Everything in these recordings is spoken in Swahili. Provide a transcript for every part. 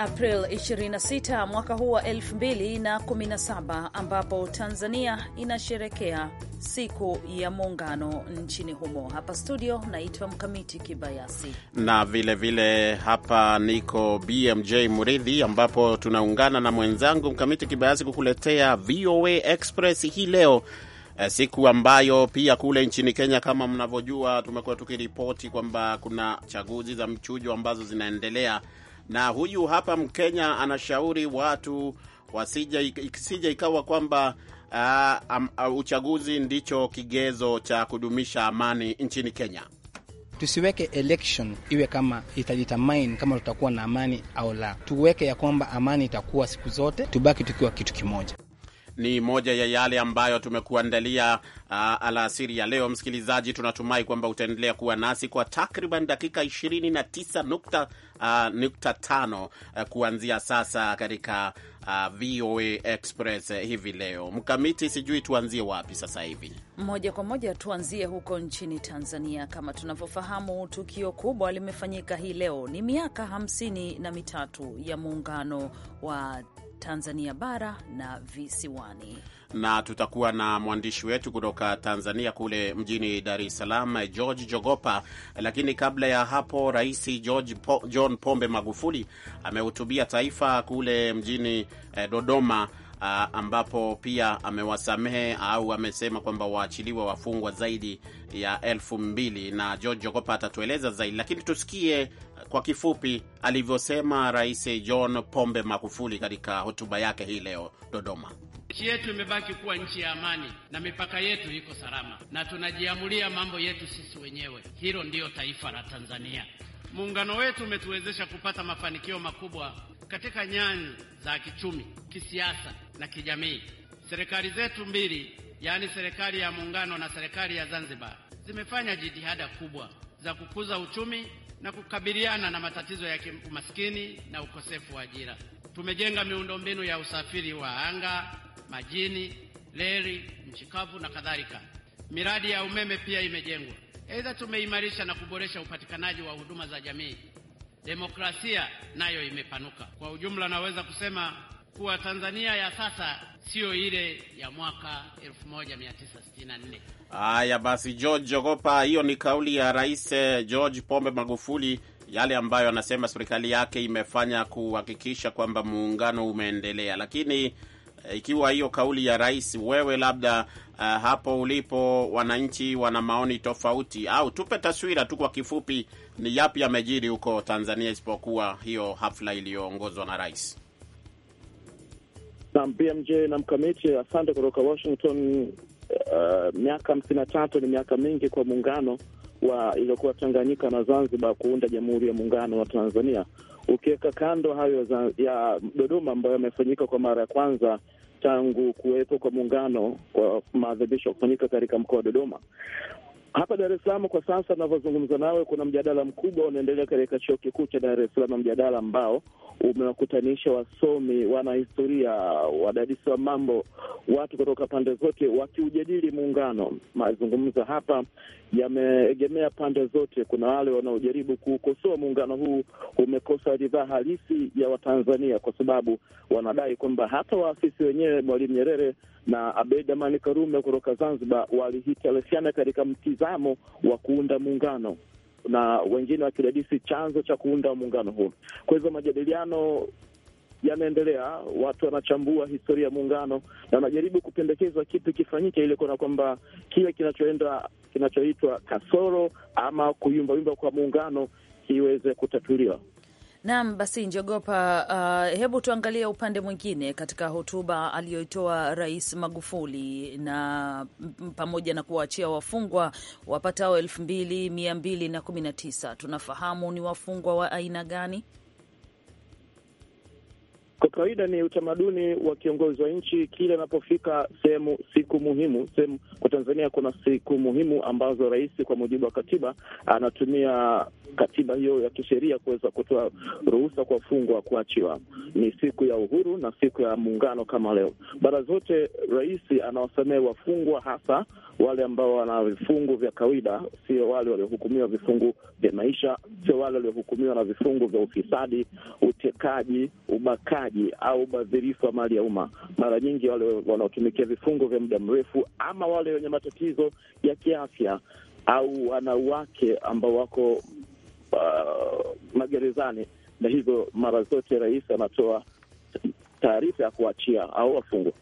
April 26 mwaka huu wa 2017 ambapo Tanzania inasherekea siku ya muungano nchini humo. Hapa studio naitwa Mkamiti Kibayasi na vilevile vile hapa niko BMJ Muridhi, ambapo tunaungana na mwenzangu Mkamiti Kibayasi kukuletea VOA Express hii leo eh, siku ambayo pia kule nchini Kenya kama mnavyojua, tumekuwa tukiripoti kwamba kuna chaguzi za mchujo ambazo zinaendelea na huyu hapa Mkenya anashauri watu wasije ikawa kwamba uh, um, uh, uchaguzi ndicho kigezo cha kudumisha amani nchini Kenya. Tusiweke election iwe kama itadetermine kama tutakuwa na amani au la. Tuweke ya kwamba amani itakuwa siku zote, tubaki tukiwa kitu kimoja ni moja ya yale ambayo tumekuandalia uh, alasiri ya leo. Msikilizaji, tunatumai kwamba utaendelea kuwa nasi kwa takriban dakika 29 nukta, uh, nukta tano uh, kuanzia sasa katika uh, VOA Express uh, hivi leo. Mkamiti, sijui tuanzie wapi sasa hivi? Moja kwa moja tuanzie huko nchini Tanzania. Kama tunavyofahamu, tukio kubwa limefanyika hii leo, ni miaka hamsini na mitatu ya muungano wa Tanzania bara na visiwani, na tutakuwa na mwandishi wetu kutoka Tanzania kule mjini Dar es Salaam, George Jogopa. Lakini kabla ya hapo, Rais George po, John Pombe Magufuli amehutubia taifa kule mjini eh, Dodoma uh, ambapo pia amewasamehe au amesema kwamba waachiliwe wafungwa zaidi ya elfu mbili na George Jogopa atatueleza zaidi, lakini tusikie kwa kifupi alivyosema Rais John Pombe Magufuli katika hotuba yake hii leo Dodoma. Nchi yetu imebaki kuwa nchi ya amani na mipaka yetu iko salama na tunajiamulia mambo yetu sisi wenyewe. Hilo ndiyo taifa la Tanzania. Muungano wetu umetuwezesha kupata mafanikio makubwa katika nyanja za kichumi, kisiasa, na kijamii. Serikali zetu mbili, yaani serikali ya muungano na serikali ya Zanzibar, zimefanya jitihada kubwa za kukuza uchumi na kukabiliana na matatizo ya umaskini na ukosefu wa ajira. Tumejenga miundombinu ya usafiri wa anga, majini, reli, nchi kavu na kadhalika. Miradi ya umeme pia imejengwa. Aidha, tumeimarisha na kuboresha upatikanaji wa huduma za jamii. Demokrasia nayo imepanuka. Kwa ujumla, naweza kusema kuwa Tanzania ya sasa siyo ile ya mwaka 1964. Haya basi, George Jogopa, hiyo ni kauli ya Rais eh, George Pombe Magufuli, yale ambayo anasema serikali yake imefanya kuhakikisha kwamba muungano umeendelea. Lakini eh, ikiwa hiyo kauli ya rais, wewe labda uh, hapo ulipo wananchi wana maoni tofauti, au tupe taswira tu kwa kifupi, ni yapi yamejiri huko Tanzania isipokuwa hiyo hafla iliyoongozwa na rais? na BMJ na mkamiti, asante kutoka Washington. Uh, miaka hamsini na tatu ni miaka mingi kwa muungano wa iliyokuwa Tanganyika na Zanzibar kuunda Jamhuri ya Muungano wa Tanzania. Ukiweka kando hayo ya Dodoma ambayo yamefanyika kwa mara ya kwanza tangu kuwepo kwa muungano kwa maadhimisho kufanyika katika mkoa wa Dodoma, hapa Dar es Salaam kwa sasa navyozungumza nawe, kuna mjadala mkubwa unaendelea katika chuo kikuu cha Dar es Salaam, mjadala ambao umewakutanisha wasomi, wanahistoria, wadadisi wa mambo, watu kutoka pande zote wakiujadili muungano. Mazungumzo hapa yameegemea pande zote. Kuna wale wanaojaribu kuukosoa muungano huu, umekosa ridhaa halisi ya Watanzania kwa sababu wanadai kwamba hata waafisi wenyewe Mwalimu Nyerere na Abeid Amani Karume kutoka Zanzibar walihitilafiana katika mtiz mtazamo wa kuunda muungano na wengine wakidadisi chanzo cha kuunda muungano huu. Kwa hivyo majadiliano yanaendelea, watu wanachambua historia ya muungano na wanajaribu kupendekezwa kitu kifanyike, ili kuona kwamba kile kinachoenda kinachoitwa kasoro ama kuyumbayumba kwa muungano kiweze kutatuliwa. Naam, basi Njogopa, uh, hebu tuangalie upande mwingine katika hotuba aliyoitoa Rais Magufuli na pamoja na kuwaachia wafungwa wapatao elfu mbili mia mbili na kumi na tisa. Tunafahamu ni wafungwa wa aina gani? Kwa kawaida ni utamaduni wa kiongozi wa nchi kila anapofika sehemu siku muhimu sehemu. Kwa Tanzania kuna siku muhimu ambazo rais, kwa mujibu wa katiba, anatumia katiba hiyo ya kisheria kuweza kutoa ruhusa kwa fungwa kuachiwa. Ni siku ya uhuru na siku ya muungano kama leo. Bara zote rais anawasamehe wafungwa, hasa wale ambao wana vifungu vya kawaida, sio wale waliohukumiwa vifungu vya maisha, sio wale waliohukumiwa na vifungu vya ufisadi, utekaji, ubakaji ubakaji au ubadhirifu wa mali ya umma. Mara nyingi wale wanaotumikia vifungo vya muda mrefu ama wale wenye matatizo ya kiafya au wanawake ambao wako uh, magerezani, na hivyo mara zote rais anatoa taarifa ya kuachia au wafungwa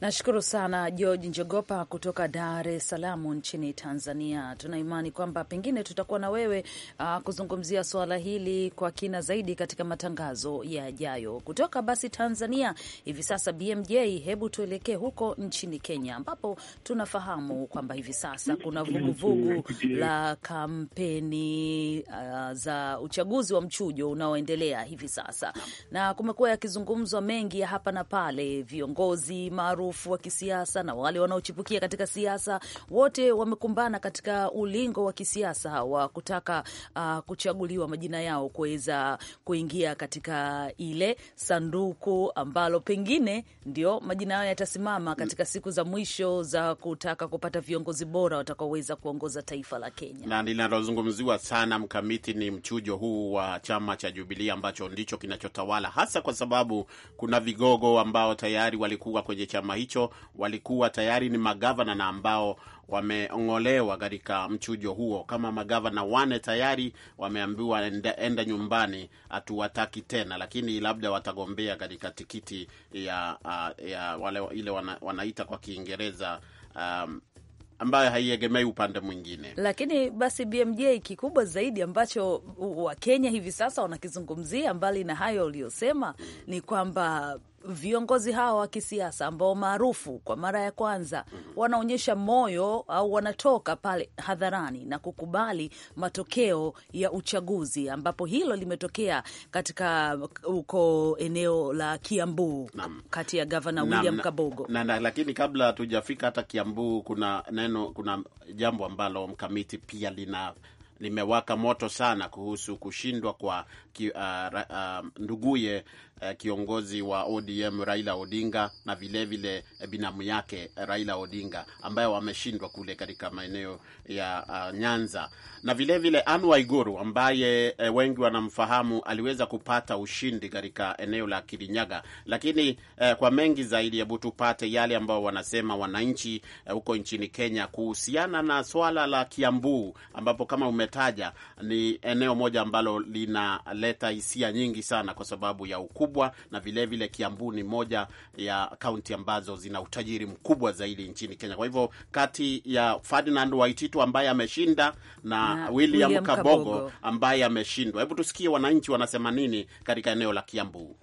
Nashukuru sana George Njogopa kutoka Dar es Salaam nchini Tanzania. tunaimani kwamba pengine tutakuwa na wewe uh, kuzungumzia suala hili kwa kina zaidi katika matangazo yajayo. Kutoka basi Tanzania hivi sasa, BMJ, hebu tuelekee huko nchini Kenya, ambapo tunafahamu kwamba hivi sasa kuna vuguvugu la kampeni uh, za uchaguzi wa mchujo unaoendelea hivi sasa, na kumekuwa yakizungumzwa mengi ya hapa na pale, viongozi maru maarufu wa kisiasa na wale wanaochipukia katika siasa, wote wamekumbana katika ulingo wa kisiasa wa kutaka uh, kuchaguliwa majina yao kuweza kuingia katika ile sanduku ambalo pengine ndio majina yao yatasimama mm. katika siku za mwisho za kutaka kupata viongozi bora watakaoweza kuongoza taifa la Kenya. Na linalozungumziwa sana mkamiti ni mchujo huu wa chama cha Jubilee ambacho ndicho kinachotawala hasa, kwa sababu kuna vigogo ambao tayari walikuwa kwenye chama chama hicho walikuwa tayari ni magavana na ambao wameongolewa katika mchujo huo. Kama magavana wane tayari wameambiwa enda, enda nyumbani, hatuwataki tena, lakini labda watagombea katika tikiti ya, uh, ya wale ile wana, wanaita kwa Kiingereza um, ambayo haiegemei upande mwingine. Lakini basi BMJ, kikubwa zaidi ambacho Wakenya hivi sasa wanakizungumzia, mbali na hayo uliyosema, mm. ni kwamba viongozi hawa wa kisiasa ambao maarufu kwa mara ya kwanza mhm. wanaonyesha moyo au wanatoka pale hadharani na kukubali matokeo ya uchaguzi, ambapo hilo limetokea katika huko eneo la Kiambu kati ya gavana William Kabogo na, na, lakini kabla hatujafika hata Kiambu, kuna neno, kuna jambo ambalo mkamiti pia lina limewaka moto sana kuhusu kushindwa kwa ki, uh, uh, nduguye uh, kiongozi wa ODM Raila Odinga na vilevile vile eh, binamu yake Raila Odinga ambayo wameshindwa kule katika maeneo ya uh, Nyanza na vilevile vile Anne Waiguru ambaye uh, wengi wanamfahamu aliweza kupata ushindi katika eneo la Kirinyaga, lakini uh, kwa mengi zaidi, hebu tupate yale ambao wanasema wananchi huko uh, nchini Kenya kuhusiana na swala la Kiambu ambapo kama ume ulivyotaja ni eneo moja ambalo linaleta hisia nyingi sana kwa sababu ya ukubwa, na vilevile Kiambu ni moja ya kaunti ambazo zina utajiri mkubwa zaidi nchini Kenya. Kwa hivyo kati ya Ferdinand Waititu ambaye ameshinda na, na William, William Kabogo ambaye ameshindwa, hebu tusikie wananchi wanasema nini katika eneo la Kiambu.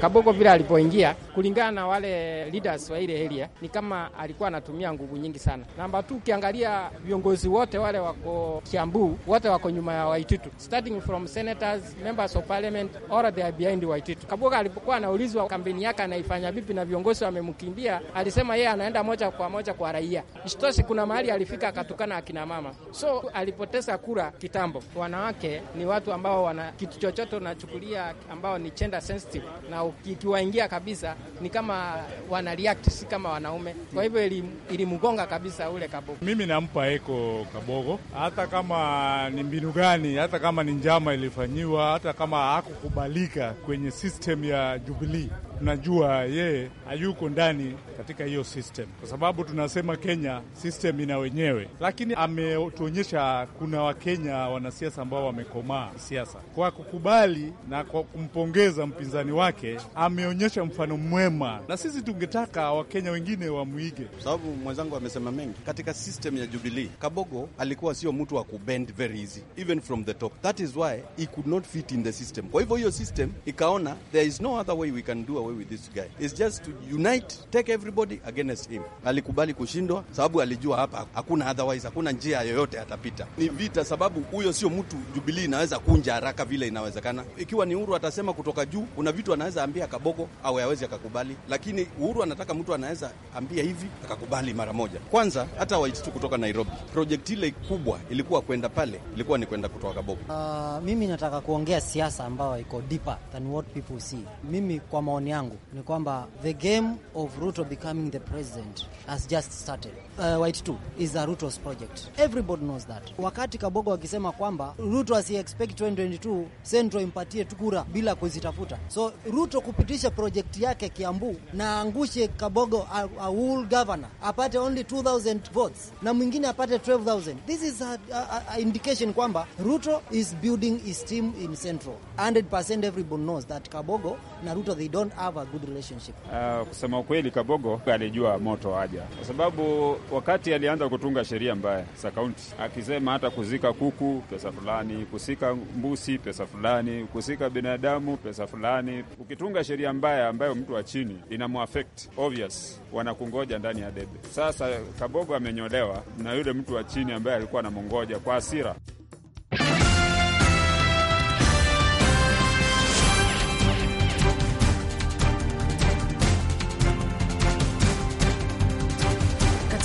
Kaboko vile alipoingia, kulingana na wale leaders wa ile area, ni kama alikuwa anatumia nguvu nyingi sana. Namba tu, ukiangalia viongozi wote wale wako Kiambu, wote wako nyuma ya Waititu, starting from senators, members of parliament, all they are behind Waititu. Kaboko alipokuwa anaulizwa kampeni yake anaifanya vipi na viongozi wamemkimbia, alisema yeye anaenda moja kwa moja kwa raia. Isitoshi, kuna mahali alifika akatukana akina mama, so alipoteza kura kitambo. Wanawake ni watu ambao wana kitu chochote unachukulia ambao ni gender sensitive na na ikiwaingia kabisa ni kama wana react, si kama wanaume. Kwa hivyo ilimgonga kabisa ule kabogo. Mimi nampa eko kabogo, hata kama ni mbinu gani, hata kama ni njama ilifanyiwa, hata kama hakukubalika kwenye system ya Jubilee tunajua yeye hayuko ndani katika hiyo system, kwa sababu tunasema Kenya system ina wenyewe, lakini ametuonyesha kuna Wakenya wanasiasa ambao wamekomaa siasa kwa kukubali na kwa kumpongeza mpinzani wake. Ameonyesha mfano mwema, na sisi tungetaka Wakenya wengine wamwige, kwa sababu mwenzangu amesema mengi katika system ya Jubilee. Kabogo alikuwa sio mtu wa kubend very easy even from the top, that is why he could not fit in the system. Kwa hivyo hiyo system ikaona there is no other way we can do away away with this guy. It's just to unite, take everybody against him. Alikubali kushindwa sababu alijua hapa hakuna otherwise, hakuna njia yoyote atapita. Ni vita, sababu huyo sio mtu Jubilee inaweza kunja haraka vile inawezekana. Ikiwa ni Uhuru atasema kutoka juu, kuna vitu anaweza ambia Kabogo au hawezi akakubali, lakini Uhuru anataka mtu anaweza ambia hivi akakubali mara moja. Kwanza hata waititu kutoka Nairobi, project ile kubwa ilikuwa kwenda pale, ilikuwa ni kwenda kutoka Kaboko. Uh, ah, mimi nataka kuongea siasa ambayo iko deeper than what people see. Mimi kwa maoni yangu ni kwamba the game of Ruto becoming the president has just started uh, White 2 is a Ruto's project. Everybody knows that. Wakati Kabogo wakisema kwamba Ruto asi expect 2022 Central impatie tukura bila kuzitafuta. So Ruto kupitisha project yake Kiambu na angushe Kabogo a, a whole governor apate only 2000 votes na mwingine apate 12000. This is a, a, a indication kwamba Ruto is building his team in Central. 100% everybody knows that Kabogo na Ruto they don't have a good relationship. Uh, kusema ukweli Kabogo alijua moto aja. kwa sababu wakati alianza kutunga sheria mbaya za kaunti, akisema hata kuzika kuku pesa fulani, kusika mbusi pesa fulani, kusika binadamu pesa fulani. Ukitunga sheria mbaya ambayo mtu wa chini inamuafect obvious, wanakungoja ndani ya debe. Sasa Kabogo amenyolewa na yule mtu wa chini ambaye alikuwa anamngoja kwa hasira.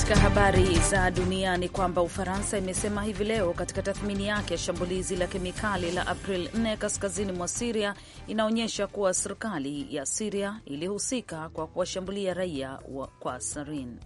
Katika habari za dunia ni kwamba Ufaransa imesema hivi leo katika tathmini yake shambulizi la kemikali la April 4 kaskazini mwa Siria inaonyesha kuwa serikali ya Siria ilihusika kwa kuwashambulia raia wa kwa sarin.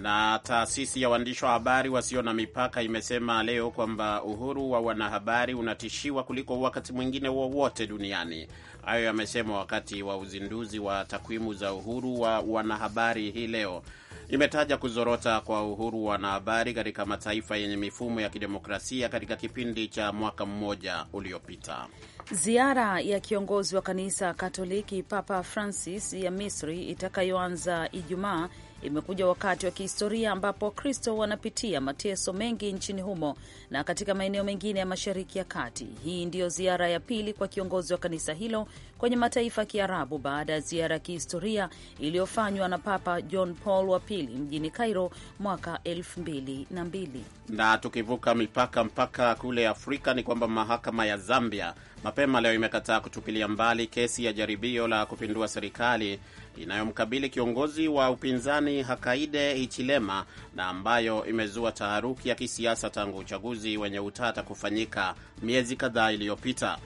Na taasisi ya waandishi wa habari wasio na mipaka imesema leo kwamba uhuru wa wanahabari unatishiwa kuliko wakati mwingine wowote wa duniani. Hayo yamesema wakati wa uzinduzi wa takwimu za uhuru wa wanahabari hii leo. Imetaja kuzorota kwa uhuru wa wanahabari katika mataifa yenye mifumo ya kidemokrasia katika kipindi cha mwaka mmoja uliopita. Ziara ya kiongozi wa kanisa Katoliki Papa Francis ya Misri itakayoanza Ijumaa imekuja wakati wa kihistoria ambapo Wakristo wanapitia mateso mengi nchini humo na katika maeneo mengine ya Mashariki ya Kati. Hii ndiyo ziara ya pili kwa kiongozi wa kanisa hilo kwenye mataifa ya Kiarabu baada ya ziara ya kihistoria iliyofanywa na Papa John Paul wa pili mjini Cairo mwaka 22 Na tukivuka mipaka mpaka kule Afrika ni kwamba mahakama ya Zambia mapema leo imekataa kutupilia mbali kesi ya jaribio la kupindua serikali inayomkabili kiongozi wa upinzani Hakainde Hichilema na ambayo imezua taharuki ya kisiasa tangu uchaguzi wenye utata kufanyika miezi kadhaa iliyopita.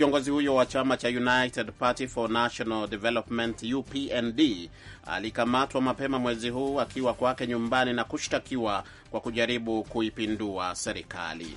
Kiongozi huyo wa chama cha United Party for National Development UPND alikamatwa mapema mwezi huu akiwa kwake nyumbani na kushtakiwa kwa kujaribu kuipindua serikali.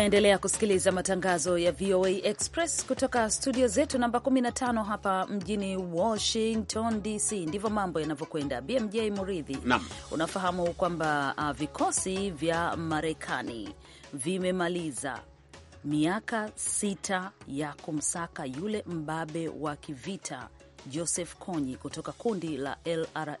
Unaendelea kusikiliza matangazo ya VOA Express kutoka studio zetu namba 15 hapa mjini Washington DC. Ndivyo mambo yanavyokwenda. BMJ Muridhi, unafahamu kwamba uh, vikosi vya Marekani vimemaliza miaka sita ya kumsaka yule mbabe wa kivita Joseph Konyi kutoka kundi la LRA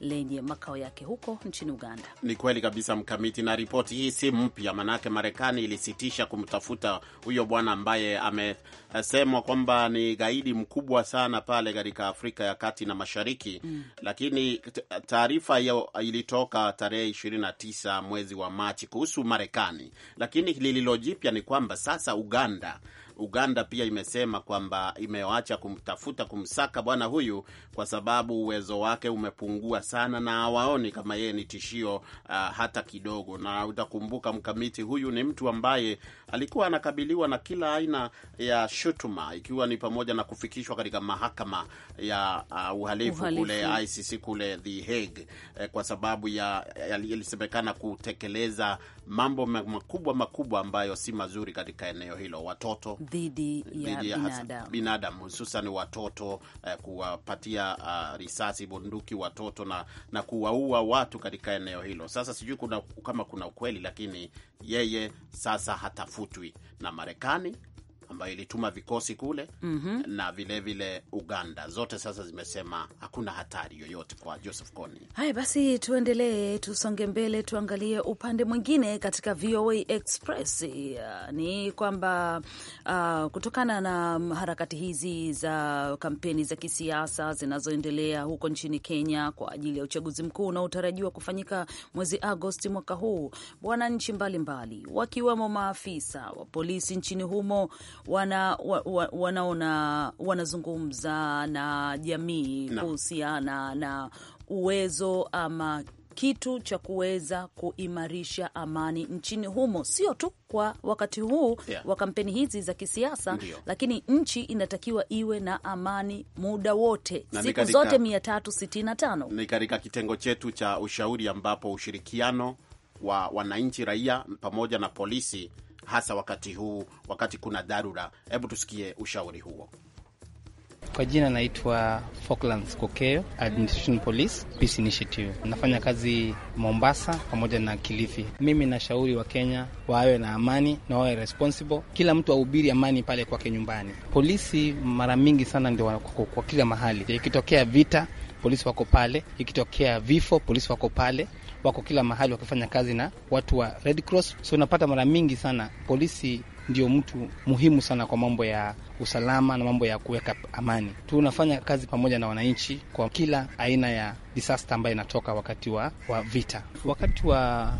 lenye makao yake huko nchini Uganda. Ni kweli kabisa Mkamiti, na ripoti hii si mpya, manake Marekani ilisitisha kumtafuta huyo bwana ambaye amesemwa kwamba ni gaidi mkubwa sana pale katika Afrika ya Kati na Mashariki mm. Lakini taarifa hiyo ilitoka tarehe 29 mwezi wa Machi kuhusu Marekani, lakini lililo jipya ni kwamba sasa Uganda Uganda pia imesema kwamba imewacha kumtafuta kumsaka bwana huyu kwa sababu uwezo wake umepungua sana na hawaoni kama yeye ni tishio uh, hata kidogo. Na utakumbuka mkamiti huyu ni mtu ambaye alikuwa anakabiliwa na kila aina ya shutuma ikiwa ni pamoja na kufikishwa katika mahakama ya uh, uhalifu, uhalifu kule ICC kule The Hague eh, kwa sababu ya yalisemekana kutekeleza mambo makubwa makubwa ambayo si mazuri katika eneo hilo, watoto dhidi ya, ya binadamu hususan watoto eh, kuwapatia uh, risasi bunduki watoto na, na kuwaua watu katika eneo hilo. Sasa sijui kuna, kama kuna ukweli lakini yeye sasa hatafutwi na Marekani ambayo ilituma vikosi kule mm -hmm. na vilevile vile Uganda zote sasa zimesema hakuna hatari yoyote kwa Joseph Kony. Haya basi, tuendelee, tusonge mbele, tuangalie upande mwingine katika VOA Express. ni kwamba uh, kutokana na harakati hizi za kampeni za kisiasa zinazoendelea huko nchini Kenya kwa ajili ya uchaguzi mkuu unaotarajiwa kufanyika mwezi Agosti mwaka huu, bwana nchi mbalimbali wakiwemo maafisa wa polisi nchini humo wana, wa, wa, wanaona wanazungumza na jamii kuhusiana na uwezo ama kitu cha kuweza kuimarisha amani nchini humo, sio tu kwa wakati huu yeah, wa kampeni hizi za kisiasa Ndiyo. Lakini nchi inatakiwa iwe na amani muda wote na siku zote tano Ni katika kitengo chetu cha ushauri ambapo ushirikiano wa wananchi, raia pamoja na polisi hasa wakati huu, wakati kuna dharura. Hebu tusikie ushauri huo. Kwa jina naitwa Falklands Kokeo, Administration Police Peace Initiative. Nafanya kazi Mombasa pamoja na Kilifi. Mimi nashauri Wakenya wawe na amani na wawe responsible, kila mtu ahubiri amani pale kwake nyumbani. Polisi mara mingi sana ndio wako kwa kila mahali, ikitokea vita polisi wako pale, ikitokea vifo polisi wako pale, wako kila mahali wakifanya kazi na watu wa Red Cross. So unapata mara mingi sana polisi ndio mtu muhimu sana kwa mambo ya usalama na mambo ya kuweka amani. Tunafanya kazi pamoja na wananchi kwa kila aina ya disaster ambayo inatoka wakati wa, wa vita. Wakati wa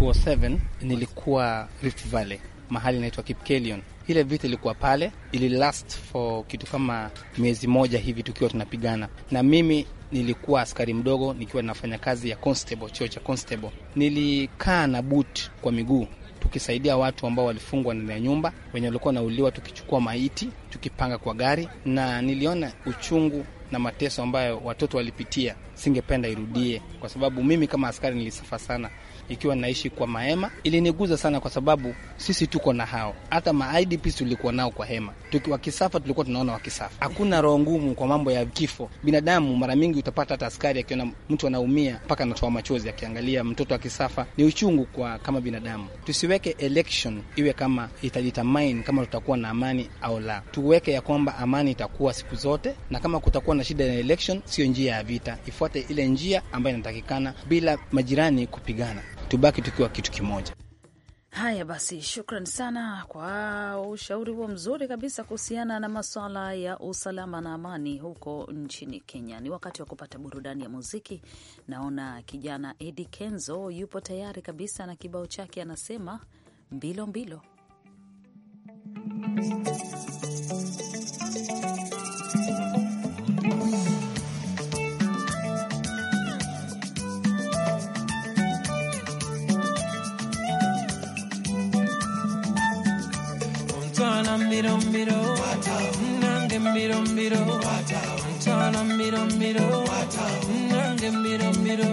2007 nilikuwa Rift Valley, mahali inaitwa Kipkelion. Ile vita ilikuwa pale, ili last for kitu kama miezi moja hivi tukiwa tunapigana, na mimi nilikuwa askari mdogo nikiwa nafanya kazi ya constable, cheo cha constable. Nilikaa na boot kwa miguu tukisaidia watu ambao walifungwa ndani ya nyumba, wenye walikuwa nauliwa, tukichukua maiti tukipanga kwa gari, na niliona uchungu na mateso ambayo watoto walipitia. Singependa irudie, kwa sababu mimi kama askari nilisafa sana ikiwa naishi kwa mahema. Iliniguza sana, kwa sababu sisi tuko na hao, hata ma IDPs tulikuwa nao kwa hema, wakisafa tulikuwa tunaona wakisafa. Hakuna roho ngumu kwa mambo ya kifo. Binadamu mara mingi utapata hata askari akiona mtu anaumia mpaka anatoa machozi akiangalia mtoto akisafa, ni uchungu kwa kama binadamu. Tusiweke election iwe kama itadetermine kama tutakuwa na amani au la. Tuweke ya kwamba amani itakuwa siku zote, na kama kutakuwa na shida ya election, sio njia ya vita, ifuate ile njia ambayo inatakikana bila majirani kupigana, tubaki tukiwa kitu kimoja. Haya basi, shukran sana kwa ushauri huo mzuri kabisa kuhusiana na maswala ya usalama na amani huko nchini Kenya. Ni wakati wa kupata burudani ya muziki. Naona kijana Eddie Kenzo yupo tayari kabisa na kibao chake, anasema mbilo mbilo. Ntala miro miro, nange miro miro, ntala miro miro, nange miro miro.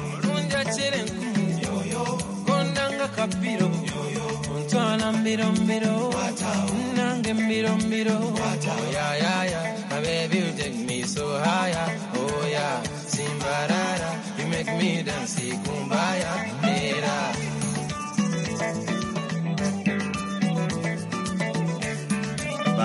nzera enkumu gondanga kabbiro me so higher oh yeah simbarara you make me dance kumbaya era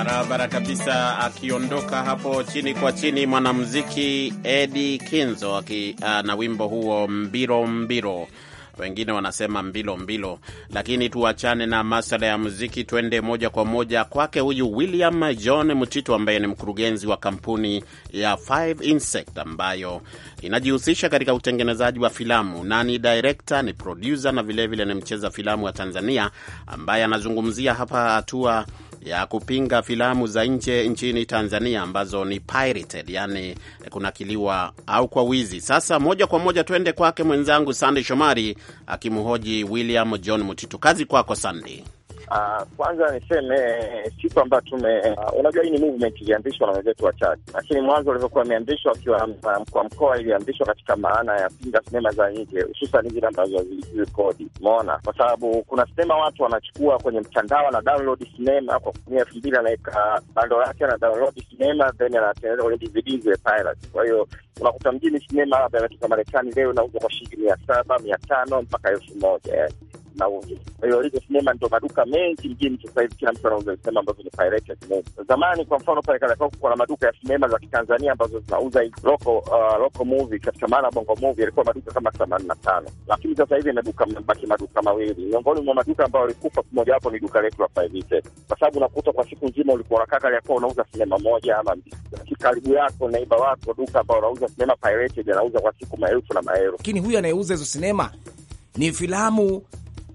barabara kabisa, akiondoka hapo chini kwa chini, mwanamuziki Eddie Kinzo aki, uh, na wimbo huo mbiro mbiro wengine wanasema mbilo mbilo, lakini tuachane na masala ya muziki, tuende moja kwa moja kwake huyu William John Mtito ambaye ni mkurugenzi wa kampuni ya Five Insect ambayo inajihusisha katika utengenezaji wa filamu na ni director, ni producer na vilevile ni mcheza filamu wa Tanzania ambaye anazungumzia hapa hatua ya kupinga filamu za nje nchini Tanzania ambazo ni pirated, yani kunakiliwa au kwa wizi. Sasa moja kwa moja tuende kwake mwenzangu Sande Shomari akimhoji William John Mutitu. Kazi kwako, Sandey. Uh, kwanza niseme eh, siku ambayo tume uh, unajua hii ni movement ilianzishwa na wenzetu wachache, lakini mwanzo walivyokuwa wameanzishwa wakiwa ah, mkoa mkoa, ilianzishwa katika maana ya pinga sinema za nje, hususan zile ambazo hazilipiwi Umeona, kwa sababu kuna sinema watu wanachukua kwenye mtandao na download sinema kwa kutumia elfu mbili anaweka bando lake na download sinema then anatengeneza kwenye DVD zile pirate. Kwa hiyo unakuta mjini sinema labda ametoka Marekani leo inauzwa kwa shilingi mia saba mia tano mpaka elfu moja nauli. Kwa hiyo hizo sinema ndo maduka mengi mjini sasa hivi, kila mtu anauza sinema ambazo ni pirate ya sinema. Zamani kwa mfano pale Kariakoo kulikuwa na maduka ya sinema za Kitanzania ambazo zinauza local, uh, local movie katika maana bongo movie, yalikuwa maduka kama themanini na tano, lakini sasa hivi maduka mabaki maduka mawili. Miongoni mwa maduka ambayo walikufa moja wapo ni duka letu la Private, kwa sababu unakuta kwa siku nzima ulikuwa unakaa Kariakoo unauza sinema moja ama mbili, karibu yako naiba wako duka ambao unauza sinema pirate anauza kwa siku maelfu na maelfu, lakini huyu anayeuza hizo sinema ni filamu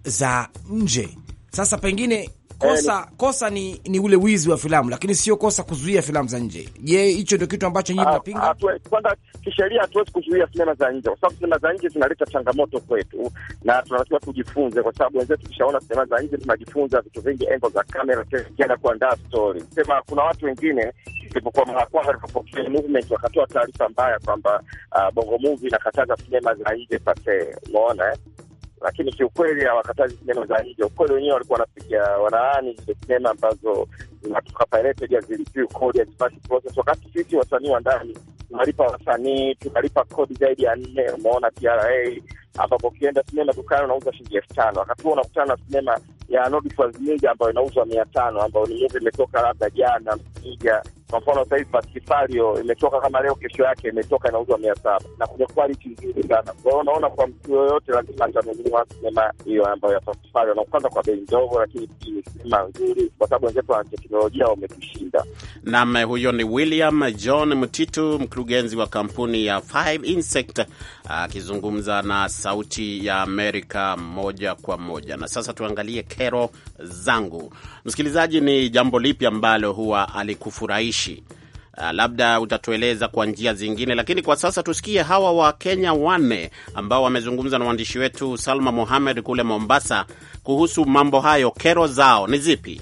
za nje. Sasa pengine eh, kosa kosa ni, ni ule wizi wa filamu, lakini sio kosa kuzuia filamu za nje. Je, hicho ndio kitu ambacho nyinyi ah, mnapinga? Kwanza kisheria hatuwezi kuzuia sinema za nje, kwa sababu sinema za nje zinaleta changamoto kwetu, na tunatakiwa tujifunze, kwa sababu wenzetu tukishaona sinema za nje tunajifunza vitu vingi, engo za kamera, tukienda kuandaa stori. Sema kuna watu wengine ilipokuwa mara kwanza tulipopokea movement wakatoa taarifa mbaya kwamba uh, Bongo Movie inakataza sinema za nje pasee, unaona eh? lakini kiukweli hawakatazi sinema za nje. Ukweli wenyewe walikuwa wanapiga wanaani zile sinema ambazo zinatoka pirated, hazilipiwi kodi, hazipati process, wakati sisi wasanii wa ndani tunalipa wasanii, tunalipa kodi zaidi ya nne, umeona TRA, ambapo ukienda sinema dukani unauza shilingi elfu tano wakati huo unakutana na sinema ya Nodifaz ambayo inauzwa mia tano ambayo ni movie imetoka labda jana mpiga kwa mfano sasa hivi Paskifario imetoka kama leo, kesho yake imetoka inauzwa mia saba na kwenye quality nzuri sana. Kwa hiyo unaona kwa mtu yoyote lazima atanunua sinema hiyo ambayo ya Paskifario, na kwanza kwa bei ndogo, lakini ni sinema nzuri, kwa sababu wenzetu wana teknolojia wametushinda. Naam, eh, huyo ni William John Mtitu, mkurugenzi wa kampuni ya Five Insect akizungumza na Sauti ya Amerika moja kwa moja. Na sasa tuangalie kero zangu, msikilizaji, ni jambo lipi ambalo huwa alikufurahisha wanaishi. Uh, ah, labda utatueleza kwa njia zingine, lakini kwa sasa tusikie hawa Wakenya wanne ambao wamezungumza na mwandishi wetu Salma Mohamed kule Mombasa kuhusu mambo hayo. Kero zao ni zipi?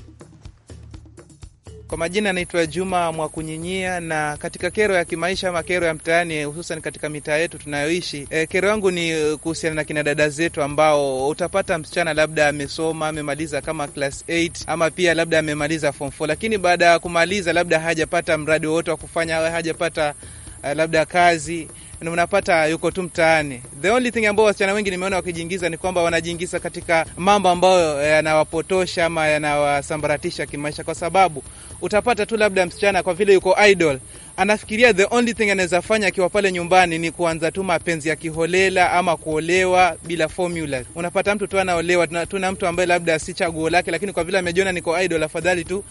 Kwa majina anaitwa Juma Mwakunyinyia, na katika kero ya kimaisha ama kero ya mtaani, hususan katika mitaa yetu tunayoishi e, kero yangu ni eh, kuhusiana na kina dada zetu ambao utapata msichana labda amesoma amemaliza kama class 8 ama pia labda amemaliza form 4, lakini baada ya kumaliza labda hajapata mradi wowote wa kufanya, hajapata Eh, labda kazi na unapata yuko tu mtaani. The only thing ambao wasichana wengi nimeona wakijiingiza ni kwamba wanajiingiza katika mambo ambayo eh, yanawapotosha ama yanawasambaratisha kimaisha, kwa sababu utapata tu labda msichana kwa vile yuko idol anafikiria the only thing anaweza fanya akiwa pale nyumbani ni kuanza tu mapenzi ya kiholela ama kuolewa bila formula. Unapata mtu tu anaolewa, tuna mtu ambaye labda si chaguo lake, lakini kwa vile amejiona niko idol, afadhali tu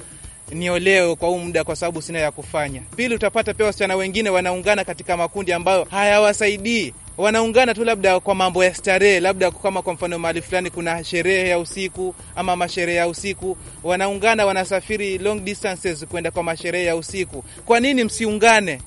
niolewe kwa huu muda, kwa sababu sina ya kufanya. Pili, utapata pia wasichana wengine wanaungana katika makundi ambayo hayawasaidii wanaungana tu labda kwa mambo ya starehe, labda kama kwa mfano mahali fulani kuna sherehe ya usiku ama masherehe ya usiku, wanaungana wanasafiri long distances kwenda kwa masherehe ya usiku. Kwa nini msiungane?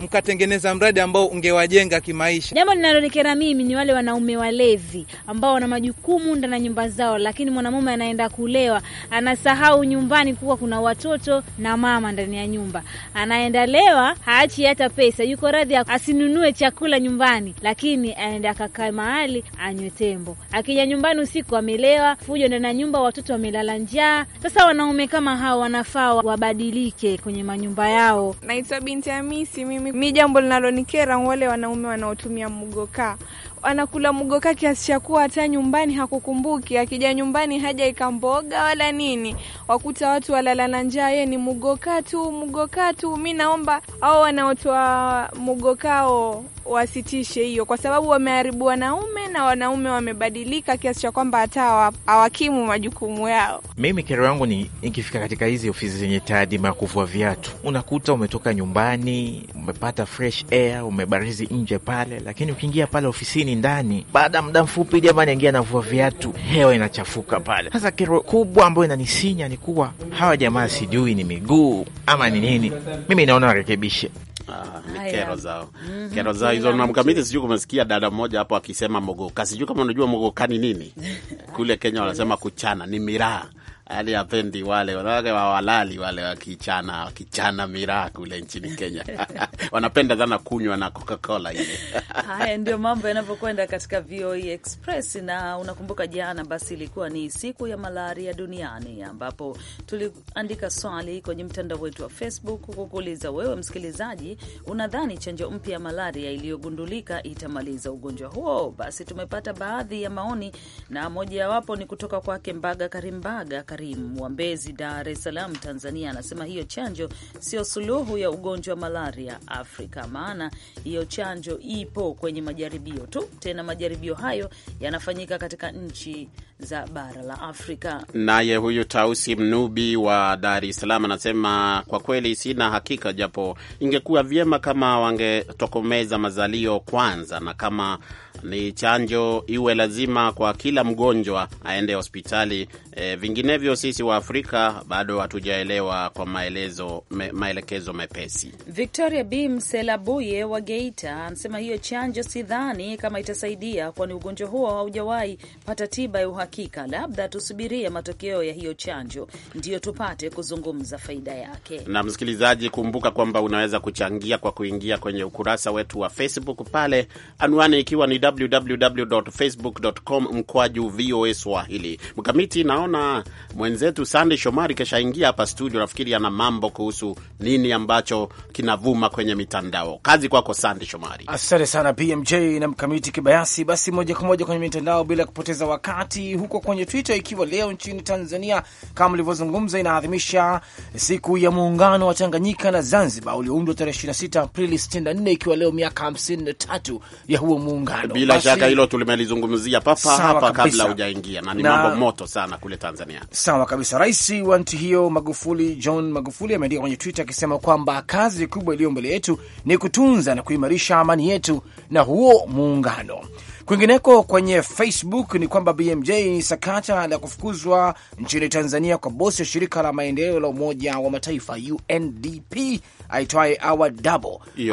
mkatengeneza mradi ambao ungewajenga kimaisha. Jambo linalonikera mimi ni wale wanaume walezi ambao wana majukumu ndani ya nyumba zao, lakini mwanamume anaenda kulewa, anasahau nyumbani kuwa kuna watoto na mama ndani ya nyumba. Anaenda lewa, haachi hata pesa, yuko radhi asinunue chakula nyumbani, lakini aende akakae mahali anywe tembo. Akija nyumbani usiku amelewa, fujo ndani ya nyumba, watoto wamelala njaa. Sasa wanaume kama hao wanafaa wabadilike kwenye manyumba yao. Naitwa binti Hamisi mimi Mi jambo linalonikera wale wanaume wanaotumia mgokaa anakula mgoka kiasi cha kuwa hata nyumbani hakukumbuki. Akija nyumbani haja ikamboga wala nini, wakuta watu walala na njaa, yeye ni mgoka tu, mgoka tu. Mi naomba au wanaotoa mgokao wasitishe hiyo, kwa sababu wameharibu wanaume na wanaume wamebadilika kiasi cha kwamba hata hawakimu majukumu yao. Mimi kero yangu ni ikifika katika hizi ofisi zenye taadhima ya kuvua viatu, unakuta umetoka nyumbani, umepata fresh air, umebarizi nje pale, lakini ukiingia pale ofisini ni ndani. Baada ya muda mfupi, jamani, ingia navua viatu, hewa inachafuka pale. Sasa kero kubwa ambayo inanisinya ni kuwa hawa jamaa, sijui ni miguu ama ni nini, mimi naona warekebishe. Ah, ni kero zao. Mhm. Kero zao hizo na mkamiti, sijui kumesikia dada mmoja hapo akisema mogoka. Sijui kama unajua mogoka ni nini? Kule Kenya wanasema kuchana, ni miraa hali apendi wale wanawake wa walali wale wakichana wakichana miraa kule nchini Kenya wanapenda sana kunywa na Coca-Cola ile. Haya ndio mambo yanavyokwenda katika VOE Express. Na unakumbuka jana, basi ilikuwa ni siku ya malaria duniani, ambapo tuliandika swali kwenye mtandao wetu wa Facebook kukuuliza wewe, msikilizaji, unadhani chanjo mpya ya malaria iliyogundulika itamaliza ugonjwa huo? Basi tumepata baadhi ya maoni, na mojawapo ni kutoka kwake Mbaga Karimbaga Karim wa Mbezi, Dar es Salaam, Tanzania, anasema hiyo chanjo sio suluhu ya ugonjwa wa malaria Afrika, maana hiyo chanjo ipo kwenye majaribio tu, tena majaribio hayo yanafanyika katika nchi za bara la Afrika. Naye huyu Tausi Mnubi wa Dar es Salaam anasema kwa kweli sina hakika, japo ingekuwa vyema kama wangetokomeza mazalio kwanza na kama ni chanjo iwe lazima kwa kila mgonjwa aende hospitali e, vinginevyo sisi wa Afrika bado hatujaelewa kwa maelezo, me, maelekezo mepesi. Victoria B Mselabuye wa Geita anasema hiyo chanjo sidhani kama itasaidia, kwani ugonjwa huo haujawahi pata tiba ya uhakika. Labda tusubirie matokeo ya hiyo chanjo ndiyo tupate kuzungumza faida yake. Na msikilizaji, kumbuka kwamba unaweza kuchangia kwa kuingia kwenye ukurasa wetu wa Facebook pale, anwani ikiwa ni www.facebook.com mkwaju VOA Swahili. Mkamiti, naona mwenzetu Sande Shomari keshaingia hapa studio, nafikiri ana mambo kuhusu nini ambacho kinavuma kwenye mitandao. Kazi kwako Sandi Shomari. Asante sana PMJ na Mkamiti Kibayasi. Basi moja kwa moja kwenye mitandao bila kupoteza wakati, huko kwenye Twitter, ikiwa leo nchini Tanzania kama ulivyozungumza, inaadhimisha siku ya muungano wa Tanganyika na Zanzibar ulioundwa tarehe 26 Aprili 64 ikiwa leo miaka 53 ya huo muungano bila basi... shaka hilo tulimelizungumzia papa hapa kabla hujaingia, na ni mambo moto sana kule Tanzania. Sawa kabisa. Rais wa nchi hiyo Magufuli, John Magufuli, ameandika kwenye Twitter akisema kwamba kazi kubwa iliyo mbele yetu ni kutunza na kuimarisha amani yetu na huo muungano Kwingineko kwenye Facebook ni kwamba BMJ ni sakata la kufukuzwa nchini Tanzania kwa bosi wa shirika la maendeleo la Umoja wa Mataifa UNDP aitwaye Awad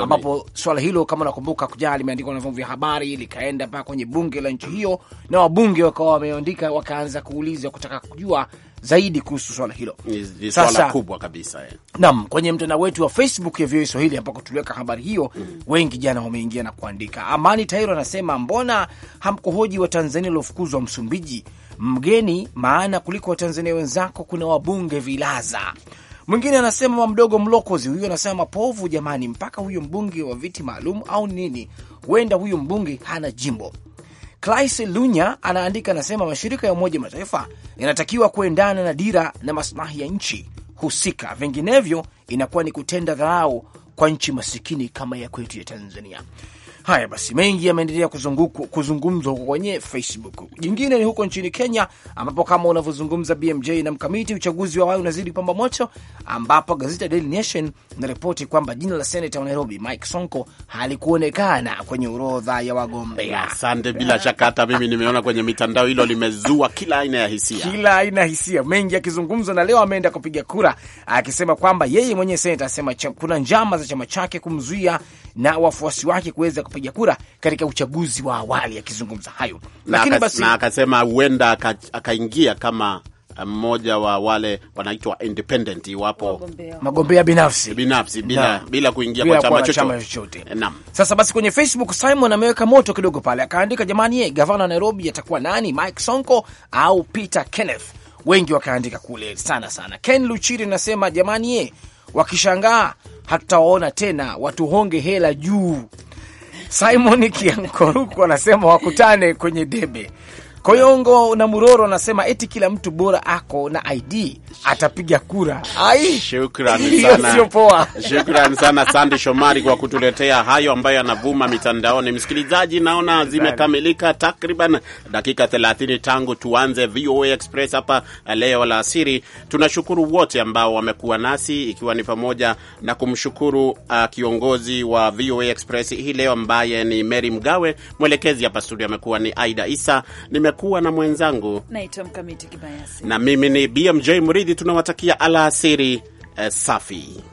ambapo swala hilo kama unakumbuka kujaa limeandikwa na vyombo vya habari likaenda mpaka kwenye bunge la nchi hiyo, na wabunge wakawa wameandika wakaanza kuuliza kutaka kujua zaidi kuhusu swala hilo. Sasa kubwa kabisa eh. Naam, kwenye mtandao wetu wa Facebook ya VOA Swahili ambako tuliweka habari hiyo mm -hmm. Wengi jana wameingia na kuandika. Amani Tairo anasema mbona hamkohoji wa Tanzania waliofukuzwa Msumbiji mgeni, maana kuliko Watanzania wenzako kuna wabunge vilaza. Mwingine anasema mdogo Mlokozi huyu anasema mapovu jamani, mpaka huyo mbunge wa viti maalum au nini? Huenda huyu mbunge hana jimbo Klais Lunya anaandika anasema, mashirika ya Umoja Mataifa yanatakiwa kuendana na dira na maslahi ya nchi husika, vinginevyo inakuwa ni kutenda dharau kwa nchi masikini kama ya kwetu ya Tanzania. Haya basi, mengi yameendelea kuzungumzwa huko kwenye Facebook. Jingine ni huko nchini Kenya, ambapo kama unavyozungumza BMJ na Mkamiti, uchaguzi wa awali unazidi kupamba moto, ambapo gazeti la Daily Nation inaripoti kwamba jina la seneta wa Nairobi Mike Sonko halikuonekana kwenye orodha ya wagombea. Asante, bila shaka hata mimi nimeona kwenye mitandao, hilo limezua kila aina ya hisia, kila aina ya hisia, mengi yakizungumzwa. Na leo ameenda kupiga kura akisema kwamba yeye mwenyewe seneta asema kuna njama za chama chake kumzuia na wafuasi wake kuweza kupiga kura katika uchaguzi wa awali, akizungumza hayo na lakini basi, na akasema huenda akaingia kama eh, mmoja wa wale wanaitwa independent iwapo magombea binafsi binafsi bila, bila kuingia bila kwa chama chochote. Naam. Sasa basi kwenye Facebook Simon ameweka moto kidogo pale, akaandika jamani, yeye eh, gavana wa Nairobi atakuwa nani, Mike Sonko au Peter Kenneth? Wengi wakaandika kule sana sana. Ken Luchiri anasema jamani, yeye eh, wakishangaa hatutawaona tena, watu honge hela juu. Simon Kiankoruku anasema wakutane kwenye debe. Kwa hiyo Ngo na Muroro anasema eti kila mtu bora ako na ID atapiga kura. Ai, shukrani sana. Sio poa. Shukrani sana Sandy Shomari kwa kutuletea hayo ambayo yanavuma mitandaoni. Msikilizaji, naona zimekamilika takriban dakika 30 tangu tuanze VOA Express hapa leo la asiri. Tunashukuru wote ambao wamekuwa nasi ikiwa ni pamoja na kumshukuru uh, kiongozi wa VOA Express hii leo ambaye ni Mary Mgawe, mwelekezi hapa studio amekuwa ni Aida Isa. Nime nitakuwa na mwenzangu naitwa Mkamiti Kibayasi na mimi ni BMJ Mridhi. Tunawatakia alasiri eh, safi.